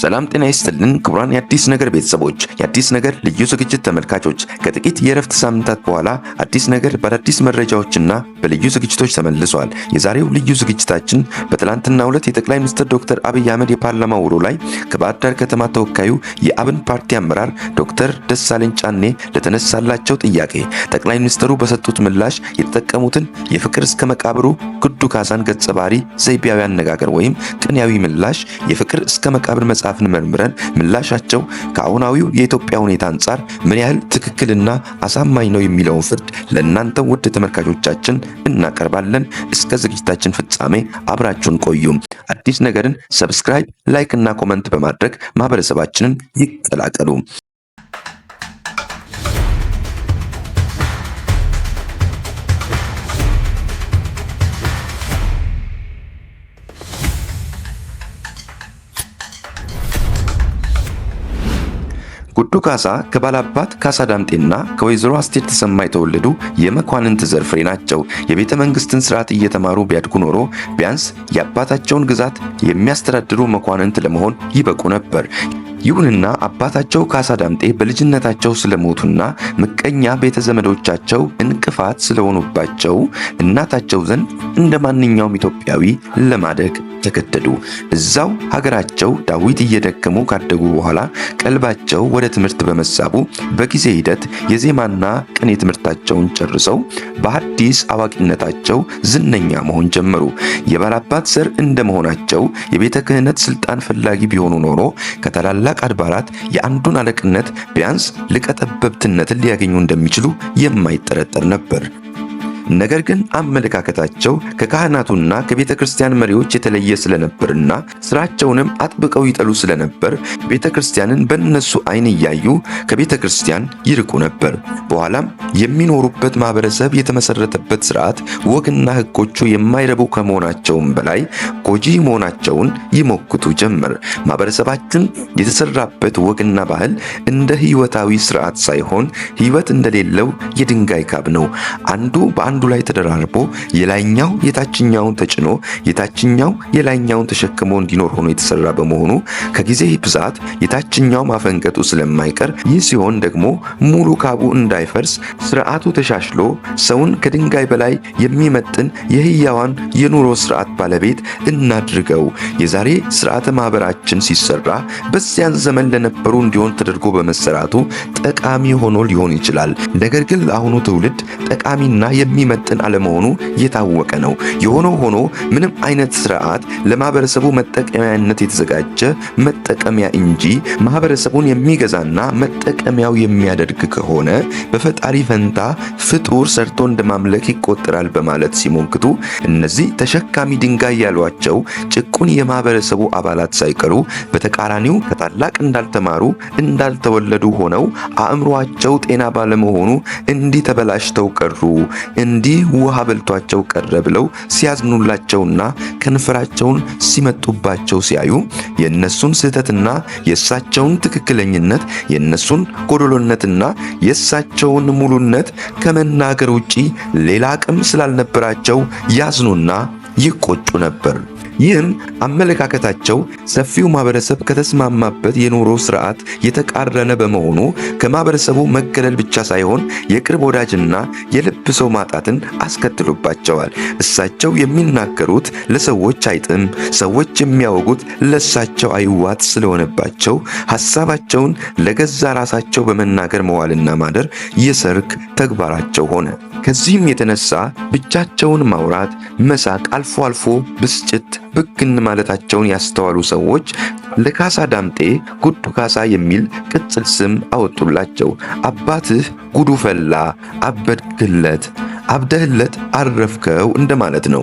ሰላም ጤና ይስጥልን ክቡራን የአዲስ ነገር ቤተሰቦች፣ የአዲስ ነገር ልዩ ዝግጅት ተመልካቾች፣ ከጥቂት የእረፍት ሳምንታት በኋላ አዲስ ነገር በአዳዲስ መረጃዎችና በልዩ ዝግጅቶች ተመልሷል። የዛሬው ልዩ ዝግጅታችን በትላንትናው ዕለት የጠቅላይ ሚኒስትር ዶክተር አብይ አህመድ የፓርላማ ውሎ ላይ ከባህር ዳር ከተማ ተወካዩ የአብን ፓርቲ አመራር ዶክተር ደሳለኝ ጫኔ ለተነሳላቸው ጥያቄ ጠቅላይ ሚኒስትሩ በሰጡት ምላሽ የተጠቀሙትን የፍቅር እስከ መቃብሩ ጉዱ ካሳን ገጸ ባህሪ ዘይቤያዊ አነጋገር ወይም ቅንያዊ ምላሽ የፍቅር እስከ መቃብር መጽሐፍን መርምረን ምላሻቸው ከአሁናዊው የኢትዮጵያ ሁኔታ አንጻር ምን ያህል ትክክልና አሳማኝ ነው የሚለውን ፍርድ ለእናንተ ውድ ተመልካቾቻችን እናቀርባለን። እስከ ዝግጅታችን ፍጻሜ አብራችሁን ቆዩ አዲስ ነገርን ሰብስክራይብ፣ ላይክ እና ኮመንት በማድረግ ማህበረሰባችንን ይቀላቀሉ። ውዱ ካሳ ከባላባት ካሳ ዳምጤና ከወይዘሮ አስቴር ተሰማ የተወለዱ የመኳንንት ዘር ፍሬ ናቸው። የቤተ መንግስትን ስርዓት እየተማሩ ቢያድጉ ኖሮ ቢያንስ የአባታቸውን ግዛት የሚያስተዳድሩ መኳንንት ለመሆን ይበቁ ነበር። ይሁንና አባታቸው ካሳ ዳምጤ በልጅነታቸው ስለሞቱና ምቀኛ ቤተ ዘመዶቻቸው እንቅፋት ስለሆኑባቸው እናታቸው ዘንድ እንደ ማንኛውም ኢትዮጵያዊ ለማደግ ተገደዱ። እዛው ሀገራቸው ዳዊት እየደከሙ ካደጉ በኋላ ቀልባቸው ወደ ትምህርት በመሳቡ በጊዜ ሂደት የዜማና ቅኔ ትምህርታቸውን ጨርሰው በአዲስ አዋቂነታቸው ዝነኛ መሆን ጀመሩ። የባላባት ዘር እንደመሆናቸው የቤተ ክህነት ስልጣን ፈላጊ ቢሆኑ ኖሮ ከተላላ ታላላቅ አድባራት የአንዱን አለቅነት ቢያንስ ሊቀ ጠበብትነትን ሊያገኙ እንደሚችሉ የማይጠረጠር ነበር። ነገር ግን አመለካከታቸው ከካህናቱና ከቤተ ክርስቲያን መሪዎች የተለየ ስለነበርና ስራቸውንም አጥብቀው ይጠሉ ስለነበር ቤተ ክርስቲያንን በእነሱ አይን እያዩ ከቤተ ክርስቲያን ይርቁ ነበር። በኋላም የሚኖሩበት ማህበረሰብ የተመሰረተበት ስርዓት ወግና ህጎቹ የማይረቡ ከመሆናቸውም በላይ ጎጂ መሆናቸውን ይሞክቱ ጀመር። ማህበረሰባችን የተሰራበት ወግና ባህል እንደ ህይወታዊ ስርዓት ሳይሆን ህይወት እንደሌለው የድንጋይ ካብ ነው። አንዱ በአንዱ አንዱ ላይ ተደራርቦ የላይኛው የታችኛውን ተጭኖ የታችኛው የላይኛውን ተሸክሞ እንዲኖር ሆኖ የተሰራ በመሆኑ ከጊዜ ብዛት የታችኛው ማፈንገጡ ስለማይቀር ይህ ሲሆን ደግሞ ሙሉ ካቡ እንዳይፈርስ ስርዓቱ ተሻሽሎ ሰውን ከድንጋይ በላይ የሚመጥን የህያዋን የኑሮ ስርዓት ባለቤት እናድርገው። የዛሬ ስርዓተ ማህበራችን ሲሰራ በዚያን ዘመን ለነበሩ እንዲሆን ተደርጎ በመሰራቱ ጠቃሚ ሆኖ ሊሆን ይችላል። ነገር ግን ለአሁኑ ትውልድ ጠቃሚና የሚ የሚመጥን አለመሆኑ የታወቀ ነው። የሆነ ሆኖ ምንም አይነት ስርዓት ለማህበረሰቡ መጠቀሚያነት የተዘጋጀ መጠቀሚያ እንጂ ማህበረሰቡን የሚገዛና መጠቀሚያው የሚያደርግ ከሆነ በፈጣሪ ፈንታ ፍጡር ሰርቶ እንደማምለክ ይቆጠራል በማለት ሲሞግቱ እነዚህ ተሸካሚ ድንጋይ ያሏቸው ጭቁን የማህበረሰቡ አባላት ሳይቀሩ በተቃራኒው ከታላቅ እንዳልተማሩ እንዳልተወለዱ ሆነው አእምሯቸው ጤና ባለመሆኑ እንዲህ ተበላሽተው ቀሩ። እንዲህ ውሃ በልቷቸው ቀረ ብለው ሲያዝኑላቸውና ከንፈራቸውን ሲመጡባቸው ሲያዩ የእነሱን ስህተትና የእሳቸውን ትክክለኝነት የእነሱን ጎዶሎነትና የእሳቸውን ሙሉነት ከመናገር ውጪ ሌላ አቅም ስላልነበራቸው ያዝኑና ይቆጩ ነበር። ይህም አመለካከታቸው ሰፊው ማህበረሰብ ከተስማማበት የኑሮ ስርዓት የተቃረነ በመሆኑ ከማህበረሰቡ መገለል ብቻ ሳይሆን የቅርብ ወዳጅና የልብ ሰው ማጣትን አስከትሎባቸዋል። እሳቸው የሚናገሩት ለሰዎች አይጥም፣ ሰዎች የሚያወጉት ለእሳቸው አይዋት ስለሆነባቸው ሀሳባቸውን ለገዛ ራሳቸው በመናገር መዋልና ማደር የሰርክ ተግባራቸው ሆነ። ከዚህም የተነሳ ብቻቸውን ማውራት፣ መሳቅ፣ አልፎ አልፎ ብስጭት ብግን ማለታቸውን ያስተዋሉ ሰዎች ለካሳ ዳምጤ ጉዱ ካሳ የሚል ቅጽል ስም አወጡላቸው። አባትህ ጉዱ ፈላ፣ አበድክለት፣ አብደህለት አረፍከው እንደማለት ነው።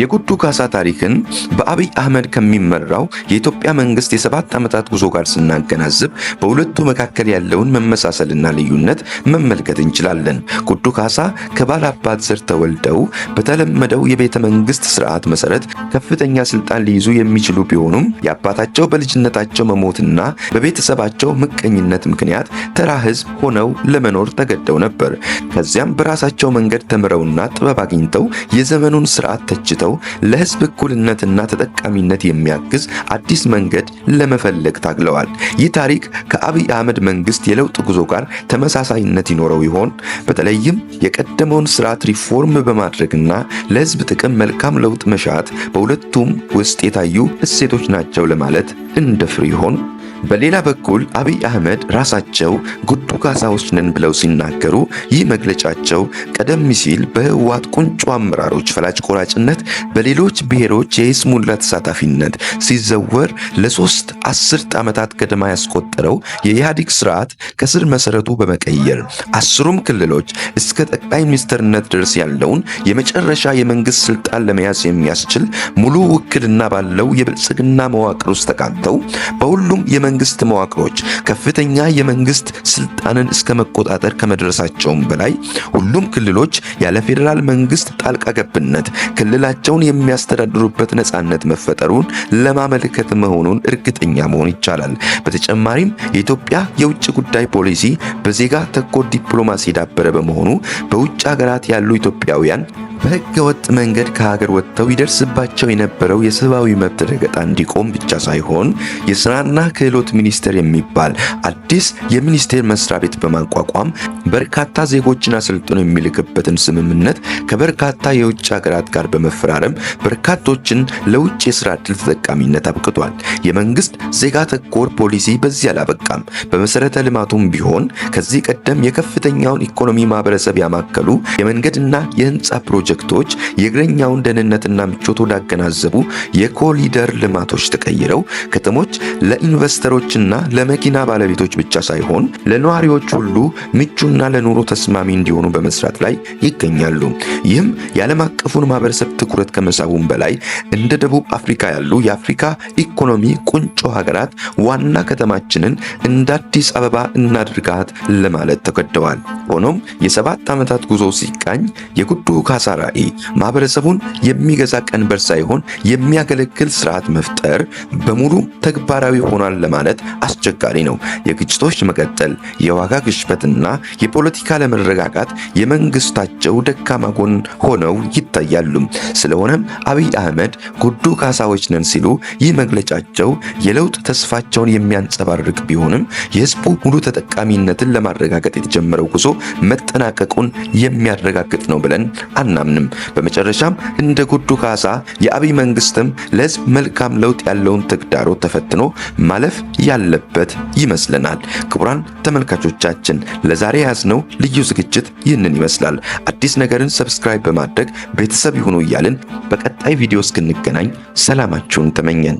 የጉዱ ካሳ ታሪክን በአብይ አህመድ ከሚመራው የኢትዮጵያ መንግስት የሰባት ዓመታት ጉዞ ጋር ስናገናዝብ በሁለቱ መካከል ያለውን መመሳሰልና ልዩነት መመልከት እንችላለን። ጉዱ ካሳ ከባል አባት ዘር ተወልደው በተለመደው የቤተ መንግስት ስርዓት መሰረት ከፍተኛ ስልጣን ሊይዙ የሚችሉ ቢሆኑም የአባታቸው በልጅነታቸው መሞትና በቤተሰባቸው ምቀኝነት ምክንያት ተራ ህዝብ ሆነው ለመኖር ተገደው ነበር። ከዚያም በራሳቸው መንገድ ተምረውና ጥበብ አግኝተው የዘመኑን ስርዓት ተችተው አስመልክተው ለህዝብ እኩልነትና ተጠቃሚነት የሚያግዝ አዲስ መንገድ ለመፈለግ ታግለዋል። ይህ ታሪክ ከአብይ አህመድ መንግስት የለውጥ ጉዞ ጋር ተመሳሳይነት ይኖረው ይሆን? በተለይም የቀደመውን ስርዓት ሪፎርም በማድረግና ለህዝብ ጥቅም መልካም ለውጥ መሻት በሁለቱም ውስጥ የታዩ እሴቶች ናቸው ለማለት እንደፍር ይሆን? በሌላ በኩል አብይ አህመድ ራሳቸው ጉዱ ካሳዎች ነን ብለው ሲናገሩ ይህ መግለጫቸው ቀደም ሲል በህወሓት ቁንጮ አመራሮች ፈላጭ ቆራጭነት በሌሎች ብሔሮች የይስሙላ ተሳታፊነት ሲዘወር ለሶስት አስርት ዓመታት ገደማ ያስቆጠረው የኢህአዲግ ስርዓት ከስር መሰረቱ በመቀየር አስሩም ክልሎች እስከ ጠቅላይ ሚኒስትርነት ድረስ ያለውን የመጨረሻ የመንግስት ስልጣን ለመያዝ የሚያስችል ሙሉ ውክልና ባለው የብልጽግና መዋቅር ውስጥ ተካተው በሁሉም የመንግስት መዋቅሮች ከፍተኛ የመንግስት ስልጣንን እስከ መቆጣጠር ከመድረሳቸውም በላይ ሁሉም ክልሎች ያለ ፌዴራል መንግስት ጣልቃ ገብነት ክልላቸውን የሚያስተዳድሩበት ነጻነት መፈጠሩን ለማመልከት መሆኑን እርግጠኛ መሆን ይቻላል። በተጨማሪም የኢትዮጵያ የውጭ ጉዳይ ፖሊሲ በዜጋ ተኮር ዲፕሎማሲ የዳበረ በመሆኑ በውጭ ሀገራት ያሉ ኢትዮጵያውያን በህገ ወጥ መንገድ ከሀገር ወጥተው ይደርስባቸው የነበረው የሰብአዊ መብት ረገጣ እንዲቆም ብቻ ሳይሆን የስራና ክህሎት ሚኒስቴር የሚባል አዲስ የሚኒስቴር መስሪያ ቤት በማቋቋም በርካታ ዜጎችን አሰልጥኖ የሚልክበትን ስምምነት ከበርካታ የውጭ ሀገራት ጋር በመፈራረም በርካቶችን ለውጭ የስራ እድል ተጠቃሚነት አብቅቷል። የመንግስት ዜጋ ተኮር ፖሊሲ በዚህ አላበቃም። በመሰረተ ልማቱም ቢሆን ከዚህ ቀደም የከፍተኛውን ኢኮኖሚ ማህበረሰብ ያማከሉ የመንገድና የህንፃ ፕሮጀክት ፕሮጀክቶች የእግረኛውን ደህንነትና ምቾት ወዳገናዘቡ የኮሊደር ልማቶች ተቀይረው ከተሞች ለኢንቨስተሮችና ለመኪና ባለቤቶች ብቻ ሳይሆን ለነዋሪዎች ሁሉ ምቹና ለኑሮ ተስማሚ እንዲሆኑ በመስራት ላይ ይገኛሉ። ይህም የዓለም አቀፉን ማህበረሰብ ትኩረት ከመሳቡም በላይ እንደ ደቡብ አፍሪካ ያሉ የአፍሪካ ኢኮኖሚ ቁንጮ ሀገራት ዋና ከተማችንን እንደ አዲስ አበባ እናድርጋት ለማለት ተገደዋል። ሆኖም የሰባት ዓመታት ጉዞ ሲቃኝ የጉዱ ካሳራ ራዕይ ማህበረሰቡን የሚገዛ ቀንበር ሳይሆን የሚያገለግል ስርዓት መፍጠር በሙሉ ተግባራዊ ሆኗል ለማለት አስቸጋሪ ነው። የግጭቶች መቀጠል፣ የዋጋ ግሽበትና የፖለቲካ ለመረጋጋት የመንግስታቸው ደካማ ጎን ሆነው ይታያሉ። ስለሆነም አብይ አህመድ ጉዱ ካሳዎች ነን ሲሉ ይህ መግለጫቸው የለውጥ ተስፋቸውን የሚያንጸባርቅ ቢሆንም የህዝቡ ሙሉ ተጠቃሚነትን ለማረጋገጥ የተጀመረው ጉዞ መጠናቀቁን የሚያረጋግጥ ነው ብለን አናምንም። በመጨረሻም እንደ ጉዱ ካሳ የአብይ መንግስትም ለህዝብ መልካም ለውጥ ያለውን ተግዳሮት ተፈትኖ ማለፍ ያለበት ይመስለናል። ክቡራን ተመልካቾቻችን ለዛሬ የያዝነው ልዩ ዝግጅት ይህንን ይመስላል። አዲስ ነገርን ሰብስክራይብ በማድረግ ቤተሰብ ይሁኑ እያልን በቀጣይ ቪዲዮ እስክንገናኝ ሰላማችሁን ተመኘን።